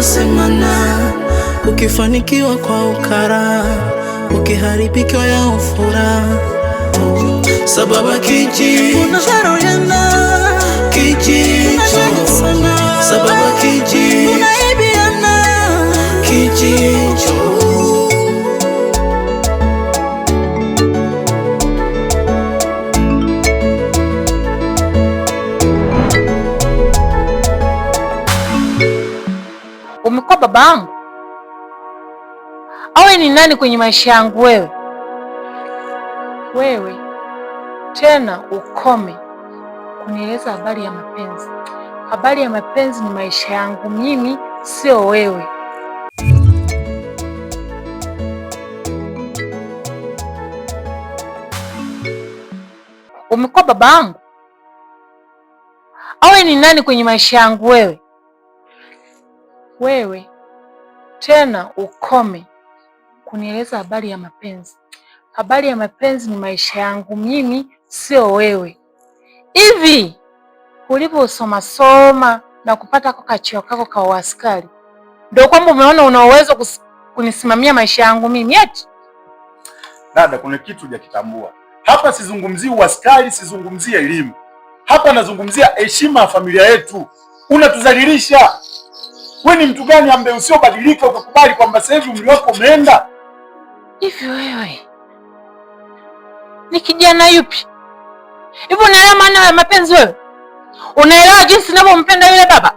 tunayosemana, ukifanikiwa kwa ukara, ukiharibikiwa ya ufura sababa kiji mama awe ni nani kwenye maisha yangu? Wewe wewe tena ukome kunieleza habari ya mapenzi. Habari ya mapenzi ni maisha yangu mimi, sio wewe. Umekuwa baba yangu awe ni nani kwenye maisha yangu? Wewe wewe tena ukome kunieleza habari ya mapenzi. Habari ya mapenzi ni maisha yangu mimi, sio wewe. Hivi ulivyosoma soma na kupata kwa kachio kako ka uaskari, ndio kwamba umeona una uwezo kunisimamia maisha yangu mimi eti? Dada, kuna kitu hujakitambua hapa. Sizungumzii uaskari, sizungumzii elimu hapa, nazungumzia heshima ya familia yetu. Unatuzalilisha. Wewe ni mtu gani ambaye usiobadilika ukakubali kwamba sasa hivi umri wako umeenda hivi? Wewe ni kijana yupi hivi? Unaelewa maana ya mapenzi wewe? Unaelewa jinsi ninavyompenda yule baba?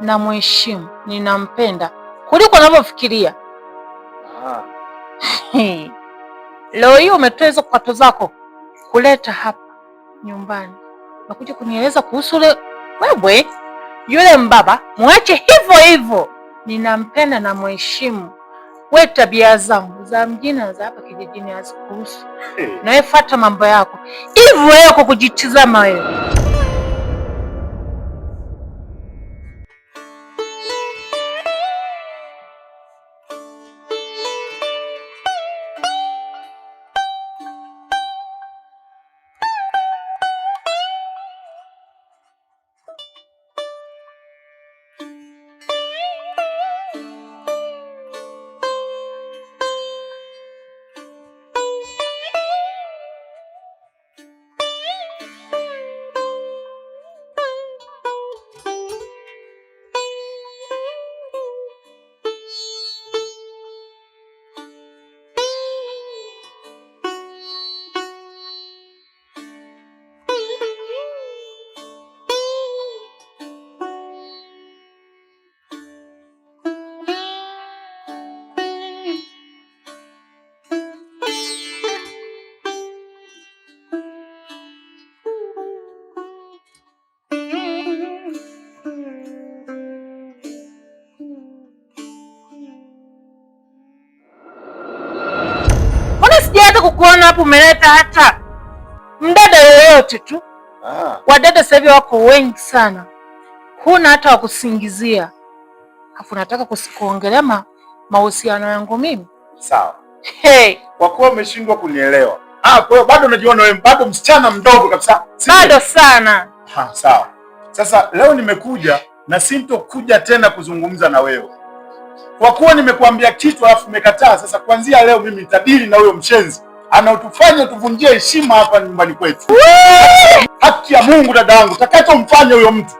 Namheshimu, ninampenda kuliko unavyofikiria. Ah. Leo hii umetoa hizo kwato zako kuleta hapa nyumbani, nakuja kunieleza kuhusu ule wewe yule mbaba mwache hivyo hivyo, ninampenda na mheshimu. We, tabia zangu za mjini na za hapa kijijini hazikuhusu, na wewe fuata mambo yako hivyo kwa kujitizama wewe. kukuona hapo umeleta hata mdada yoyote tu. Ah. Wadada sasa hivi wako wengi sana, huna hata wakusingizia, afu nataka kusikuongelea ma mahusiano yangu mimi. Sawa. Hey. Kwa kuwa umeshindwa kunielewa. Ah, kwa hiyo bado unajiona wewe bado msichana mdogo kabisa. Bado sana. Ha, sawa. Sasa leo nimekuja na sintokuja tena kuzungumza na wewe kwa kuwa nimekuambia kitu alafu umekataa. Sasa kuanzia leo mimi nitadili na huyo mshenzi anaotufanya tuvunjie heshima hapa nyumbani kwetu. Haki ya Mungu dada yangu, takachomfanya huyo mtu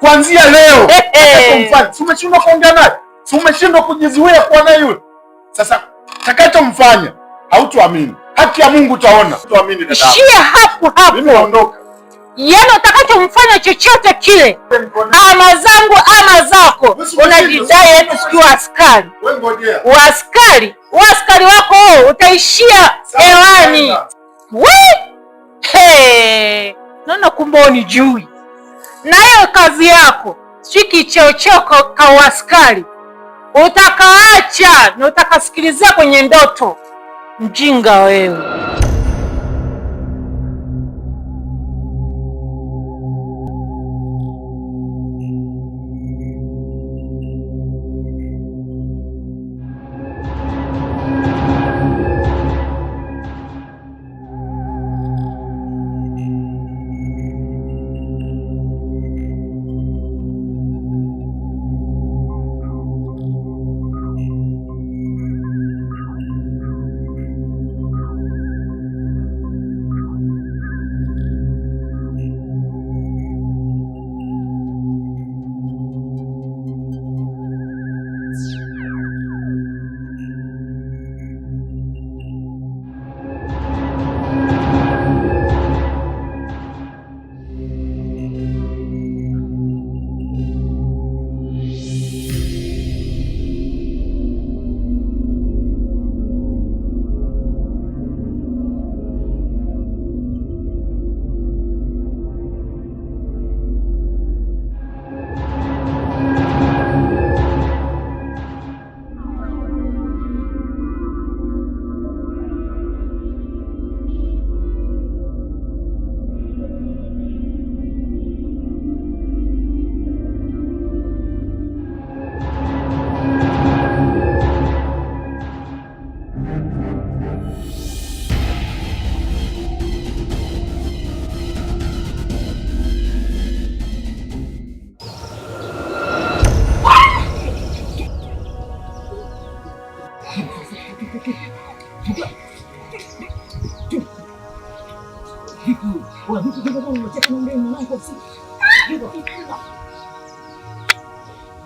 kuanzia leo, takachomfanya si umeshindwa kuongea naye, si umeshindwa kujizuia kuwa naye yule. Sasa takachomfanya hautuamini. Haki ya Mungu utaona, tuamini dada yangu. Shia hapo hapo. Mimi naondoka. Yena yaani utakachomfanya chochote kile, ama zangu ama zako, unajidai eti sijui askari. waskari uaskari wako wewe utaishia hewani. naona kumbe ni jui na hiyo kazi yako, sijui kicheocheo ka uaskari utakaacha na utakasikilizia kwenye ndoto. Mjinga wewe.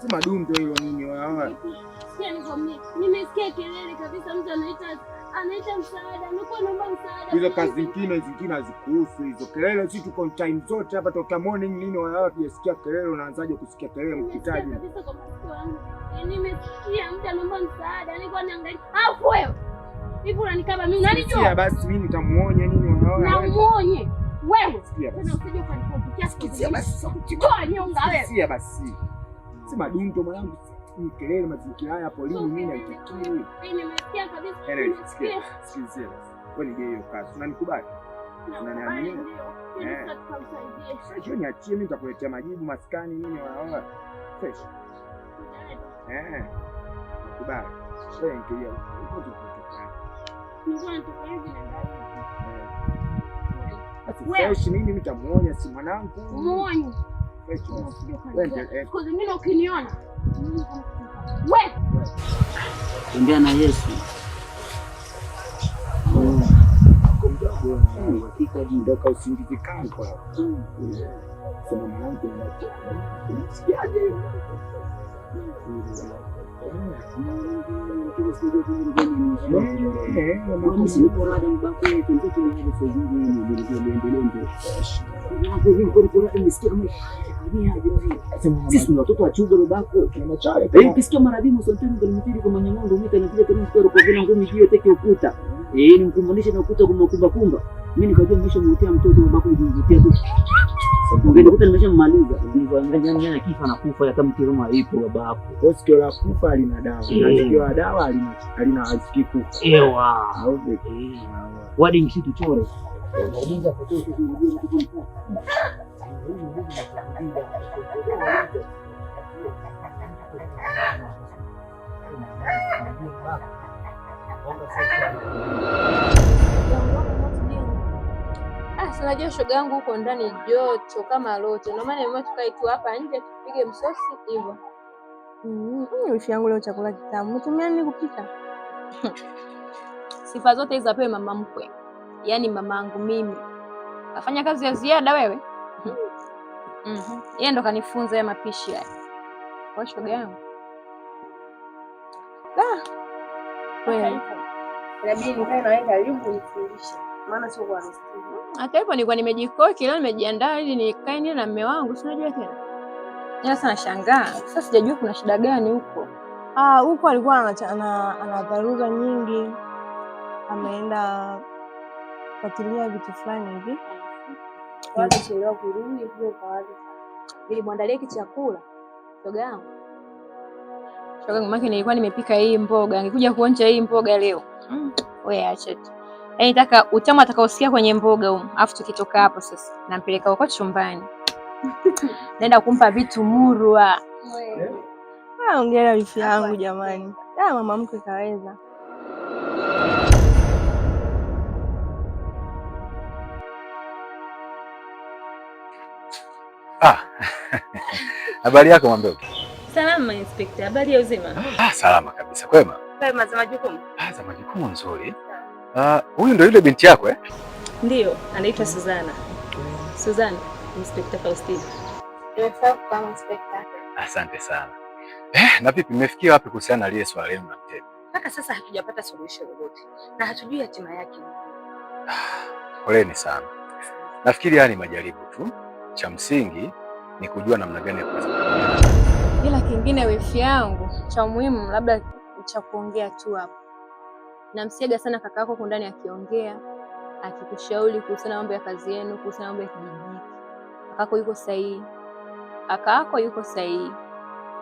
Sema dumdo hilo nini Hizo kazi zingine zingine hazikuhusu hizo kelele, sisi tuko time zote hapa toka morning nini wewe tujasikia kelele, unaanzaje kusikia kelele mkitaji? Kabisa kwa eh, Sikia basi nini wewe? Sikia basi. Sikia basi. Sikia basi. Sema dundo mwanangu, kelele mazingira haya polini mimi naitakii. Nimesikia kabisa. Sikiliza. Sikiliza. Kwani je, hiyo kazi unanikubali? Unaniamini? Eh. Yaani sasa niachie mimi nitakuletea majibu maskani nini, wanaona. Fresh. Eh. Nakubali. Wewe nkilia uko tu. Eh. Fresh mimi nitamuonya si mwanangu. Muonye. Eh. ukiniona tembea na Yesu. Ndoka sisi ni watoto wa chuga babako. Kisikia maradhimu santeni kalimitiri Mimi nikajua mwisho mwotea mtoto babako kumvutia tu. Ungejikuta nimeshamaliza, ungeangalia kifa na kufa kama kama alipo baba yako. Kwa sikio la kufa halina dawa, na eh. sikio la dawa halina halina hasikii kufa. Ewa. Eh. Wadi msitu chore. Ah, Sinajua shoga yangu huko ndani joto kama lote, ndio maana mwe tukae tu hapa nje tupige msosi hivyo. Mm-hmm. Wifi yangu leo chakula kitamu, tumia nini kupika? Sifa zote hizo apewe mama mkwe, yaani mamangu mimi. Afanya kazi ya ziada wewe? Mhm. Yeye ndo kanifunza ya mapishi haya. Kwa shoga yangu. Da. Ah! Kweli. Inabidi nikae na wewe karibu nifundishe maana sio kwa rafiki. Hata hivyo nilikuwa nimejikoki leo, nimejiandaa ili nikae nile na mume wangu, si unajua tena. Ila sana shangaa sasa, sijajua kuna shida gani huko. Ah, huko alikuwa ana dharura nyingi, ameenda kufuatilia vitu fulani hivi chelewa mm. kurudi ili mwandalie kichakula Shoga Shogangu, maana nilikuwa nimepika hii mboga, angekuja kuonja hii mboga leo. Mm, wewe acha tu Yaani nataka utamu atakaosikia kwenye mboga huko. Afu tukitoka hapo sasa nampeleka huko chumbani. Naenda kumpa vitu murwa. Ah, ongea wifi yangu jamani. Ah, mama mkwe kaweza. Ah. Habari yako mwambie. Salama Inspector. Habari ya uzima? Ah, salama kabisa. Kwema? Kwema za majukumu. Ah, za majukumu nzuri. Ah, huyu uh, ndo yule binti yako eh? Ndio, anaitwa Suzana. Suzana, Inspector Faustina. Asante sana. Eh, na vipi mmefikia wapi kuhusiana na lile swala lenu na Mtemi? Mpaka sasa hatujapata suluhisho lolote na hatujui hatima yake. Ah, poleni sana. Nafikiri haya ni majaribu tu, cha msingi ni kujua namna gani ya kuweza. Bila kingine, wifi yangu, cha muhimu labda cha kuongea tu hapo namsiaga sana kaka yako huko ndani akiongea, akikushauri kuhusiana mambo ya kazi yenu, kuhusiana mambo ya kijiji. Kakako yuko sahihi, kakako yuko sahihi,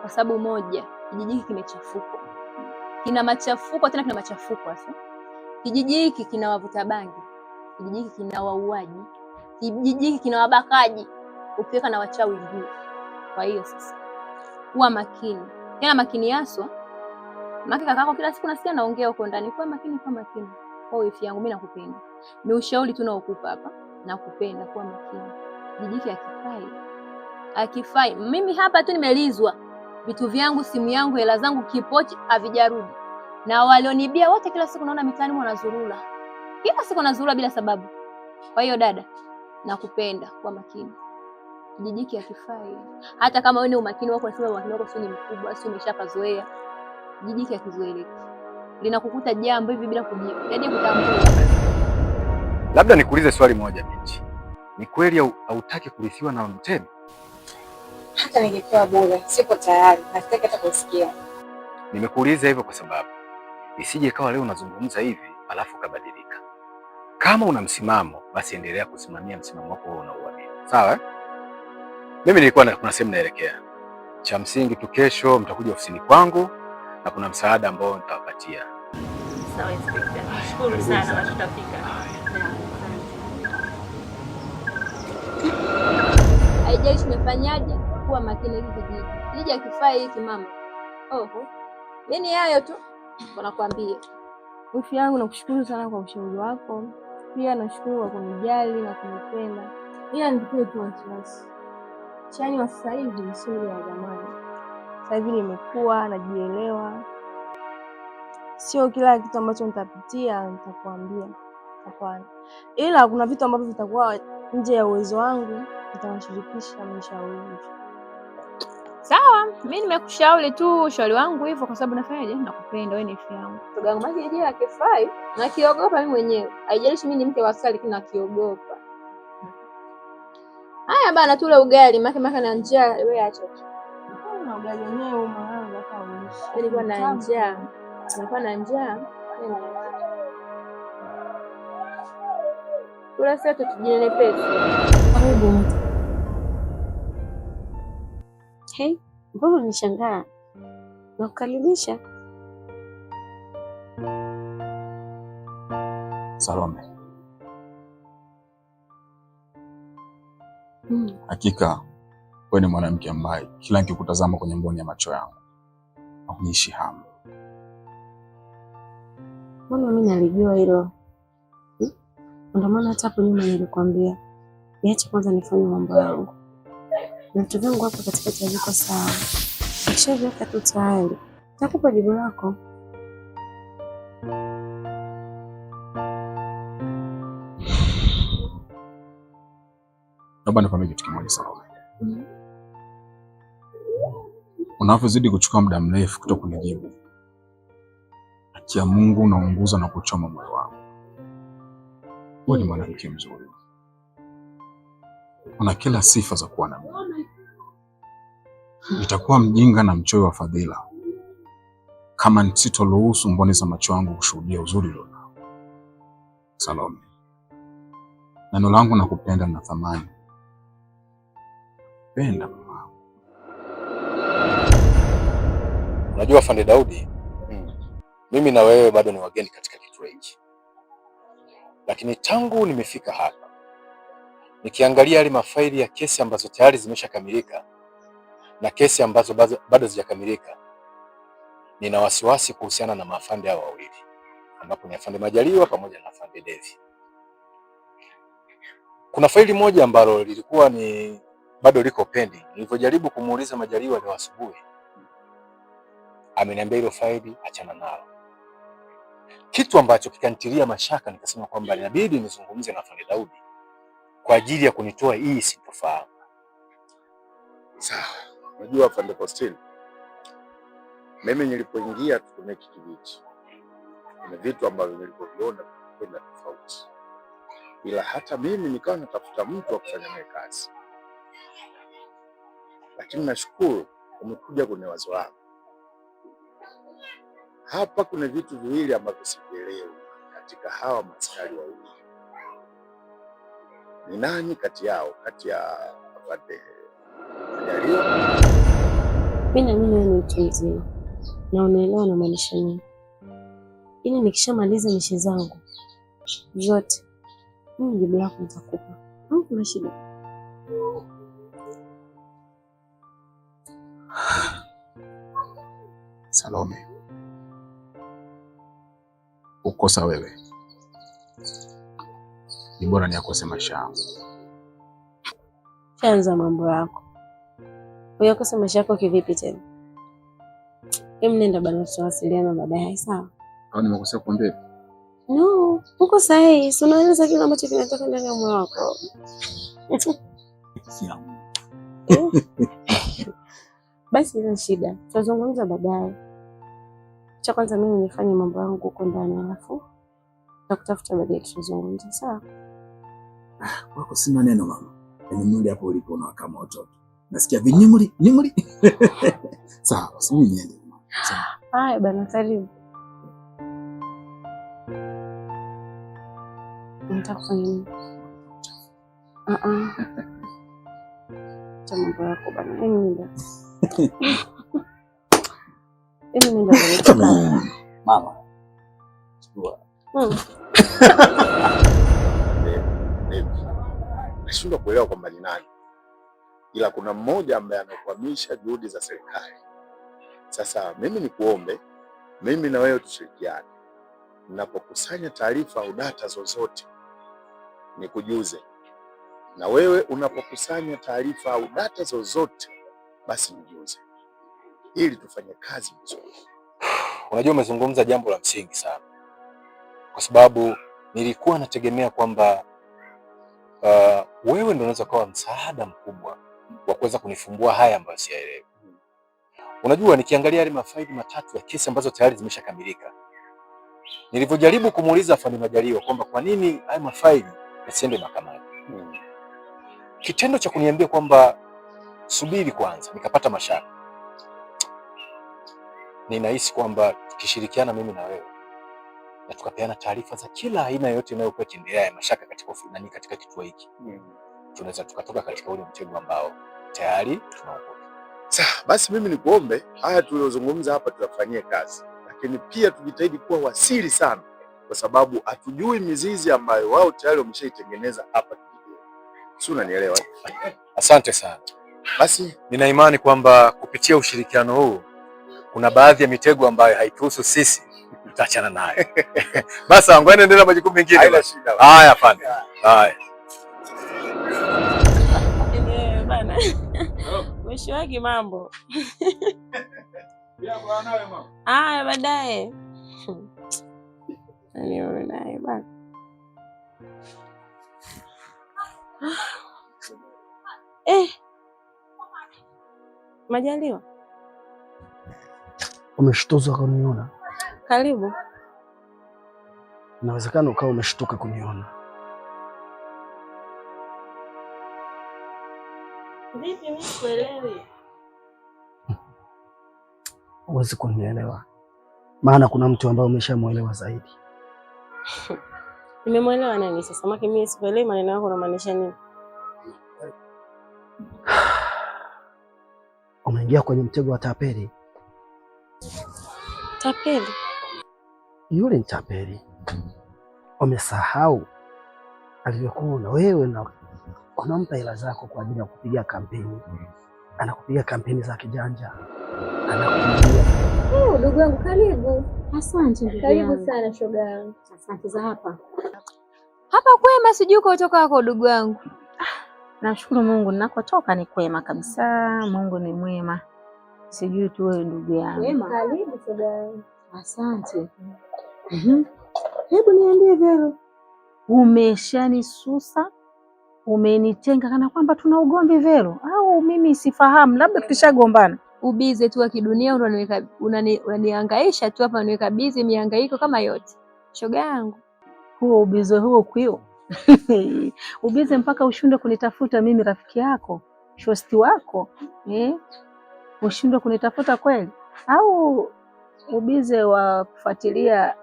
kwa sababu moja, kijiji hiki kimechafuka, kina machafuko tena, kina machafuko hasa. Kijiji hiki kina wavuta bangi, kijiji hiki kina wauaji, kijiji hiki kina wabakaji, ukiweka na wachawi juu. Kwa hiyo sasa, kuwa makini tena makini haswa Maki kakako kila siku nasikia naongea huko ndani, kwa makini, kwa makini. Kwa wifi yangu mimi nakupenda. Ni ushauri tu naokupa hapa. Nakupenda, kwa makini. Jijiki akifai. Akifai. Mimi hapa tu nimelizwa. Vitu vyangu, simu yangu, hela zangu, kipochi havijarudi. Na walionibia wote kila siku naona mitaani wanazurula, Kila siku wanazurula bila sababu. Kwa hiyo dada, nakupenda, kwa makini. Jijiki akifai. Hata kama wewe ni umakini wako unasema umakini wako sio mkubwa, sio umeshapazoea jijiki ya Kizueli linakukuta jambo hivi bila kujibu, yaani kutambua. Labda nikuulize swali moja binti, ni kweli hautaki kurithiwa na Mtemi? Hata ningepewa bure, sipo tayari, nasitaki hata kusikia. Nimekuuliza hivyo kwa sababu isije ikawa leo unazungumza hivi alafu ukabadilika. Kama una msimamo, basi endelea kusimamia msimamo wako unauamini, sawa? Eh? Mimi nilikuwa na kuna sehemu naelekea. Cha msingi tu, kesho mtakuja ofisini kwangu na kuna msaada ambao nitawapatia. Sawa Inspekta, nashukuru sana na tutafika. tumefanyaje, kuwa makini hivi kijiji. Kijiji hakifaa hiki mama. Oho. Nini hayo tu Wanakuambia. Wifi yangu nakushukuru sana kwa ushauri wako. Pia nashukuru kwa kunijali na kunipenda. Ila nikupe tu wasiwasi. Chani wa sasa hivi sio wa zamani. Sasa hivi nimekuwa najielewa, sio kila kitu ambacho nitapitia nitakuambia, hapana, ila kuna vitu ambavyo vitakuwa nje ya uwezo wangu, nitawashirikisha mshauri. Sawa, mi nimekushauri tu ushauri wangu hivyo, kwa sababu nafanyaje, nakupenda wewe, ni rafiki yangu, ndugu Maji je, akifai na kiogopa mimi mwenyewe, haijalishi mimi ni mke wa Sara, lakini akiogopa haya bana, tule ugali make make na njia, wewe acha kabla yenyewe umeanza nilikuwa yaani na njaa, nilikuwa na njaa kula setu tujinenepesi. Hey, mbona nishangaa na kukaribisha Salome. Hmm. Hakika wewe ni mwanamke ambaye kila nikikutazama kwenye mboni ya macho yangu haunishi hamu. Mbona mimi nalijua hilo, hmm? ndio maana hata hapo nyuma nilikwambia niache kwanza nifanye mambo yangu na vitu vyangu hapo katikati haviko sawa. Ukishaviweka tu tayari takupa jibu lako. Naomba nikwambie kitu kimoja sana. Unavyozidi kuchukua muda mrefu kuto kunijibu, haki ya Mungu unaunguza na kuchoma moyo wangu. Wewe ni mwanamke mzuri, una kila sifa za kuwa na mimi. Nitakuwa mjinga na mchoyo wa fadhila kama nisitoruhusu mboni za macho yangu kushuhudia uzuri ulionao. Salome, neno langu nakupenda na thamani penda mama Unajua fande Daudi, hmm, mimi na wewe bado ni wageni katika kituo hiki, lakini tangu nimefika hapa nikiangalia yale mafaili ya kesi ambazo tayari zimeshakamilika na kesi ambazo bado zijakamilika, nina wasiwasi kuhusiana na maafande hao wawili, ambapo ni Afande Majaliwa pamoja na Afande Devi. Kuna faili moja ambalo lilikuwa ni bado liko pending. Nilivyojaribu kumuuliza Majaliwa leo asubuhi ameniambia hilo faili achana nalo, kitu ambacho kikanitilia mashaka. Nikasema kwamba inabidi nizungumze na fundi Daudi kwa ajili ya kunitoa hii sintofahamu. Sawa, unajua fundi Faustini, mimi nilipoingia kwenye kijiji kuna vitu ambavyo nilivyoviona kwenda tofauti, ila hata mimi nikawa natafuta mtu wa kufanya naye kazi, lakini nashukuru umekuja kwenye wazo langu hapa kuna vitu viwili ambavyo sivielewi katika hawa maskari wawili. Ni nani kati yao, kati ya apate Majaliwa? Mi naamini wewe ni mtu mzima na unaelewa namaanisha nini, ili nikishamaliza nishi zangu zote mimi jibu lako nitakupa. Au kuna shida? Salome kukosa wewe, ni bora ni akose maisha yangu. Chanza mambo yako, uyakose maisha yako kivipi tena? Nenda bana, tutawasiliana baadaye, sawa? Au nimekosea kukwambia? No, uko sahihi, si unaeleza kile ambacho kinatoka ndani ya moyo wako. Basi ina shida, tutazungumza baadaye. Cha kwanza mimi nifanye mambo yangu huko ndani, alafu nakutafuta baadaye tuzungumze, sawa? Wako si maneno mama, nimuli yaani hapo ulipo na kama watoto nasikia vinyumri nyumri. Sawa, sijui niende. Haya bana, karibu. Nitakufanyia ah uh-uh. ah, cha mambo yako bana, mimi yaani Yaani Mama, hmm. nashindwa kuelewa kwamba ni nani, ila kuna mmoja ambaye anakwamisha juhudi za serikali. Sasa mimi nikuombe, mimi na wewe tushirikiane, ninapokusanya taarifa au data zozote nikujuze, na wewe unapokusanya taarifa au data zozote basi nijuze ili tufanye kazi vizuri. Unajua, umezungumza jambo la msingi sana, kwa sababu nilikuwa nategemea kwamba uh, wewe ndio unaweza kuwa msaada mkubwa wa kuweza kunifumbua haya ambayo siyaelewi. Unajua, nikiangalia yale mafaili matatu ya kesi ambazo tayari zimeshakamilika, nilivyojaribu kumuuliza Fani Majaliwa kwamba kwa nini haya mafaili yasiende mahakamani, hmm. kitendo cha kuniambia kwamba subiri kwanza, nikapata mashaka ninahisi kwamba tukishirikiana mimi na wewe na tukapeana taarifa za kila aina yoyote inayokuwa ikiendelea ya mashaka katika ufinani katika kituo hiki mm. tunaweza tukatoka katika ule mtego ambao tayari tunaogopa. Sawa basi, mimi nikuombe haya tuliyozungumza hapa tuyafanyie kazi, lakini pia tujitahidi kuwa wasiri sana, kwa sababu hatujui mizizi ambayo wao tayari wameshaitengeneza hapa. Si unanielewa? Asante sana. Basi nina imani kwamba kupitia ushirikiano huu kuna baadhi ya mitego ambayo haituhusu sisi, tutaachana nayo basi. Wangu endelea na majukumu mengine. Haya, pana haya eh, bana, mwisho wake mambo haya baadaye naye bana eh, Majaliwa umeshtuzwa kuniona? Karibu. Inawezekana ukawa umeshtuka kuniona. Vipi, mimi sikuelewi. Huwezi kunielewa, maana kuna mtu ambaye umeshamwelewa zaidi. Nimemwelewa nani sasa? Maki mimi sikuelewi maneno yako unamaanisha nini? Umeingia kwenye mtego wa tapeli. Tapeli yule ni tapeli. Wamesahau alivyokuwa na wewe na unampa hela zako kwa ajili ya kupiga kampeni, anakupiga kampeni za kijanja, anakupigia oh, ndugu yangu. Karibu. Asante, karibu sana shoga yangu. Asante za hapa hapa kwema, sijui kutoka wako ndugu yangu. Ah, nashukuru Mungu, ninakotoka ni kwema kabisa. Mungu ni mwema sijui tu wewe ndugu yangu. Karibu shoga Asante. mm Hebu niambie Vero, umeshanisusa umenitenga kana kwamba tuna ugomvi Vero, au mimi sifahamu, labda tulishagombana. Ubize tu wa kidunia unanihangaisha tu hapa, unaniweka bizi mihangaiko kama yote, shoga yangu. Huo ubize huo kwio ubize mpaka ushunde kunitafuta mimi, rafiki yako shosti wako eh? ushindwe kunitafuta kweli, au ubize wa kufuatilia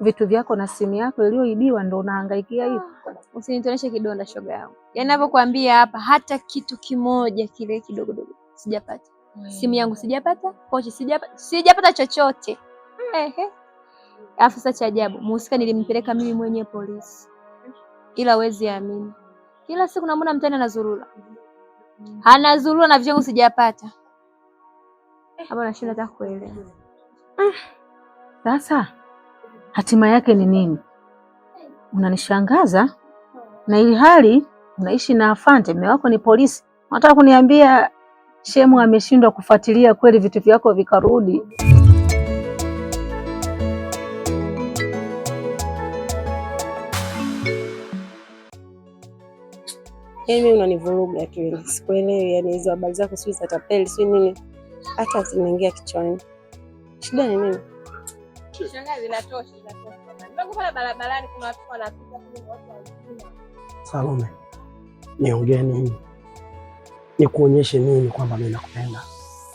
vitu vyako na simu yako iliyoibiwa ndo unahangaikia hivi? Ah, Usinitoneshe kidonda, shoga yangu. Yaani hapa, hata kitu kimoja kile kidogodogo sijapata. Mm. Simu yangu sijapata, pochi sijapata, sijapata chochote. Ehe. Afisa cha ajabu, muhusika nilimpeleka mimi mwenyewe polisi, ila wezi amini, kila siku namuona mtani anazurula, anazurula na vitu sijapata hapa nashinda hata kuelewa. Ah. Sasa hatima yake ni nini? Unanishangaza na ili hali unaishi na afante mume wako ni polisi. Unataka kuniambia shemu ameshindwa kufuatilia kweli vitu vyako vikarudi? Yaani unanivuruga tu, sikuelewi. Yani hizo habari zako sijui za tapeli sijui nini hata zimeingia kichwani. Shida ni nini? Salome, niongee nini? Nikuonyeshe nini kwamba mimi nakupenda?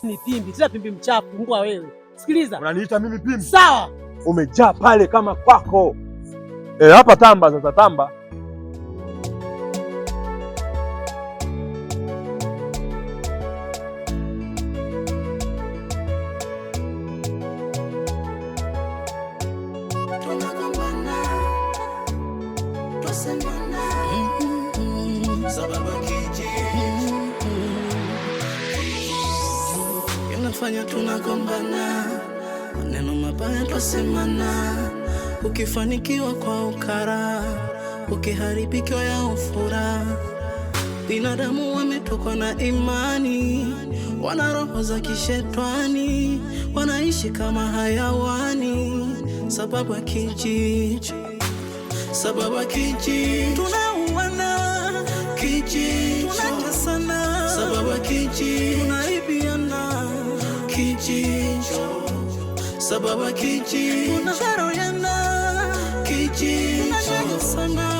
Ni pimbi, sio pimbi mchafu mbwa wewe. Sikiliza. Unaniita mimi pimbi? Sawa. Umejaa pale kama kwako. hapa. Eh, hapa tamba sasa tamba. kufanikiwa kwa ukara, ukiharibikiwa ya ufura. Binadamu wametokwa na imani, wana roho za kishetwani, wanaishi kama hayawani, sababu ya kijiji, sababu ya kijiji, tunauana kijiji, tunatesana sababu ya kijiji, tunaibiana kijiji, sababu ya kijiji, tunadharauana one.